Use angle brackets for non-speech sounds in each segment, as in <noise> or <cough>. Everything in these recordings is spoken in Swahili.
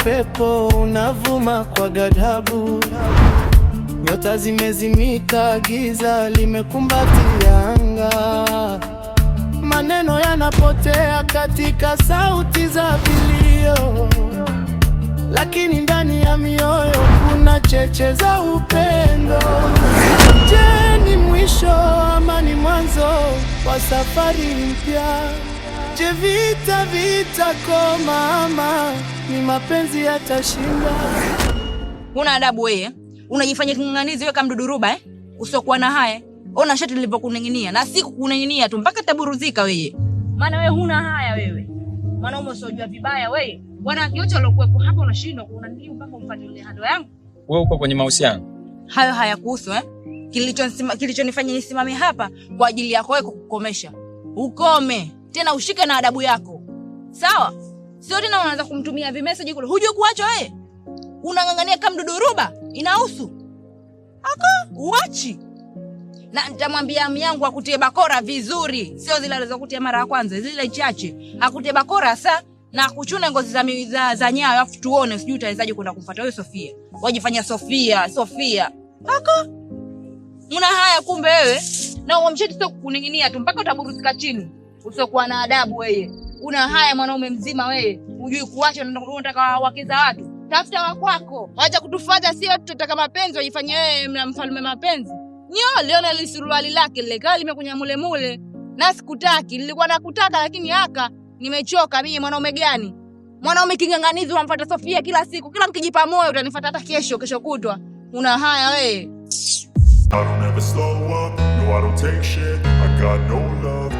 upepo unavuma kwa ghadhabu, nyota zimezimika, giza limekumbatia anga, maneno yanapotea katika sauti za vilio, lakini ndani ya mioyo kuna cheche za upendo. Je, ni mwisho ama ni mwanzo wa safari mpya? Je, vita vita koma ama ni mapenzi yatashinda? Una adabu wewe, unajifanya kinganganizi wewe kama mduduruba eh? Usiokuwa na haya. Ona shati lilivyokuning'inia na siku kuning'inia tu mpaka taburuzika wewe. Maana wewe huna haya wewe. Maana wewe usiojua vibaya wewe. Bwana wote waliokuwepo hapa unashindwa kuona nini mpaka umfuatilie hado yangu. Wewe uko kwenye mahusiano? Hayo hayakuhusu eh? Kilichonifanya nisimame hapa kwa ajili yako wewe kukukomesha. Ukome tena ushike na adabu yako, sawa? Sio tena unaanza kumtumia vimeseji kule, hujui kuacha wewe, unang'ang'ania kama mduduruba. Inahusu aka uachi na nitamwambia ami yangu akutie bakora vizuri, sio zile alizokutia mara ya kwanza, zile chache. Akutie bakora sa na kuchuna ngozi za, za, za nyayo, afu tuone, sijui utawezaje kwenda kumfuata wewe Sofia. Wajifanya Sofia Sofia aka una haya kumbe wewe, na uamsheti sio kukuning'inia tu mpaka utaburuzika chini usiokuwa na adabu wewe. Una haya mwanaume mzima wewe, hujui kuacha, unataka wakeza watu. Tafuta wa kwako, wacha kutufuata. Sio tutataka mapenzi, wajifanye wewe na mfalme mapenzi. Nyo liona ile suruali lake lile kali limekunya mule mule, na sikutaki, nilikuwa nakutaka lakini haka nimechoka mimi. Mwanaume gani? Mwanaume kinganganizi, unamfuata Sofia kila siku, kila mkijipa moyo utanifuata hata kesho, kesho kutwa. Una haya wewe. I don't ever slow up, no I don't take shit. I got no love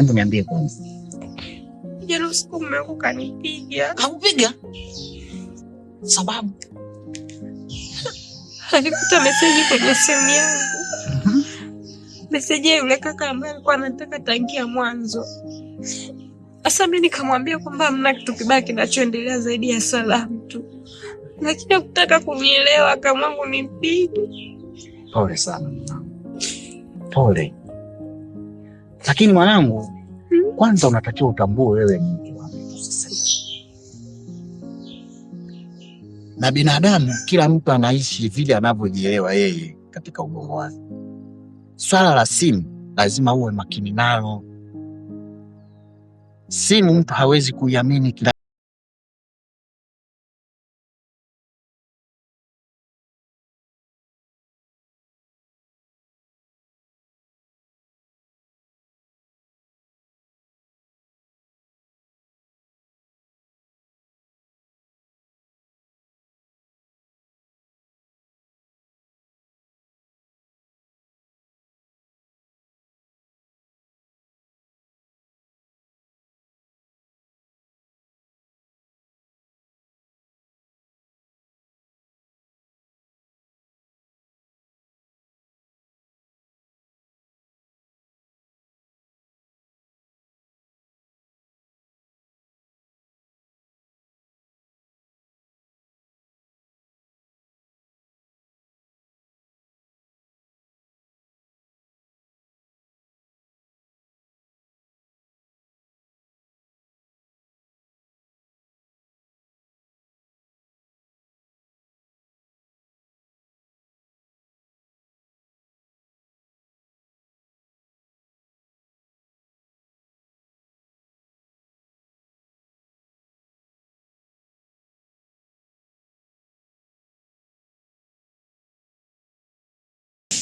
Hebu niambie kwanza. Jana usiku mume wangu kanipiga. Hakupiga? Sababu <laughs> alikuta meseji kwenye simu yangu. Mhm. Meseji ya yule kaka ambaye alikuwa anataka tangia mwanzo. Sasa mimi nikamwambia kwamba mna kitu kibaya kinachoendelea zaidi ya salamu tu, lakini akutaka kunielewa, ni nipige. Pole sana mwanangu, pole lakini mwanangu, hmm? kwanza unatakiwa utambue wewe ni wa na binadamu, kila mtu anaishi vile anavyojielewa yeye katika ubongo wake. Swala la simu lazima uwe makini nalo. Simu mtu hawezi kuiamini kila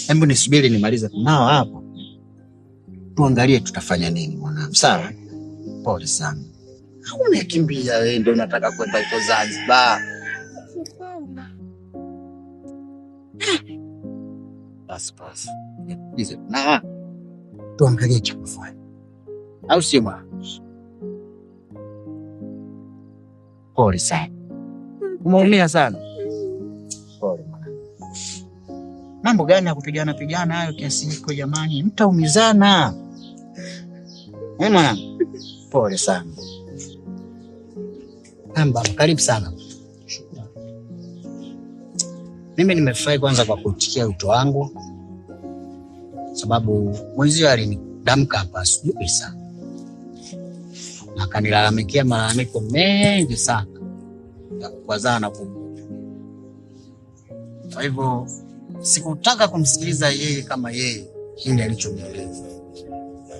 Hebu nisubiri nimalize kunao hapo, tuangalie tutafanya nini mwanangu. Sawa, pole sana. Unakimbia wewe, ndio unataka kwenda huko Zanzibar? Ah. Tuangalie cha kufanya, au sio mwana? Pole sana, umeumia sana. Mambo gani ya kupigana pigana hayo kiasi hiko jamani, mtaumizana. Hey, eh, mwanangu pole sana. Amba, karibu sana. Mimi nimefurahi kwanza kwa kuitikia wito wangu, sababu mwenzio alinidamka hapa sijui sana, akanilalamikia malalamiko mengi sana ya kukwazana na kwa hivyo sikutaka kumsikiliza yeye kama yeye kile alichonieleza.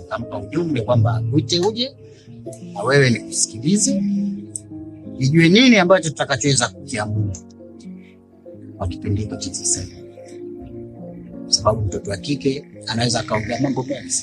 Kampa ujumbe kwamba uite uje na wewe nikusikilize, nijue nini ambacho tutakachoweza kukiamua kwa kipindi cha sasa, sababu mtoto wa kike anaweza akaongea mambo mengi.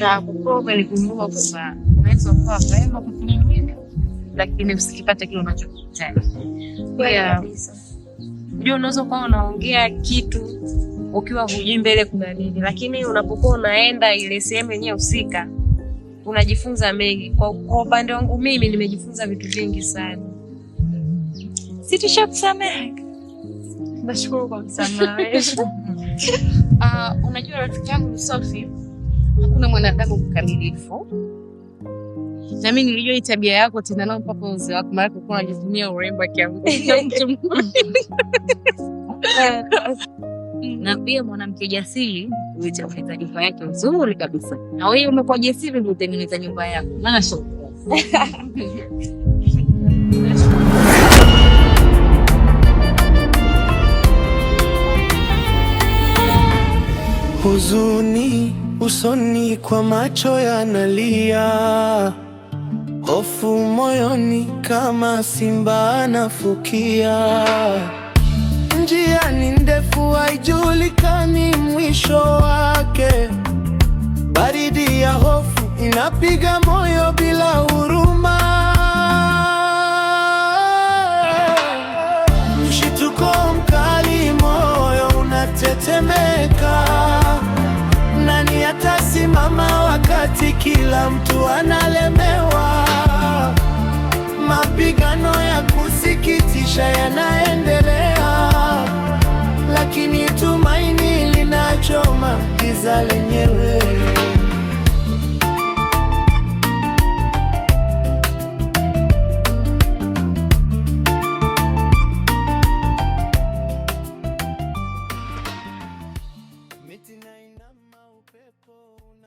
na kwamba unaweza kuwa vema lakini usikipate kile unachokihitaji. unaweza unaongea kitu ukiwa hujui mbele kuna nini, lakini unapokuwa unaenda ile sehemu yenyewe husika unajifunza mengi. Kwa upande wangu mimi nimejifunza vitu vingi sana. Sitisha Nashukuru kwa <laughs> msamaha. Uh, unajua rafiki yangu sofi hakuna mwanadamu mkamilifu, na mimi nilijua hii tabia yako tena nao mpaka uzee wako, maana kulikuwa unajitumia urembo akiangukia <laughs> mtu. Na pia mwanamke jasiri huitengeneza nyumba yake nzuri kabisa, na wewe umekuwa jasiri kutengeneza nyumba yako, maana shukrani <laughs> huzuni usoni, kwa macho yanalia, hofu moyoni, kama simba anafukia. Njia ni ndefu, haijulikani mwisho wake. Baridi ya hofu inapiga moyo bila huruma. Mshituko mkali, moyo unatetemeka. wakati kila mtu analemewa, mapigano ya kusikitisha yanaendelea, lakini tumaini linachoma giza lenyewe.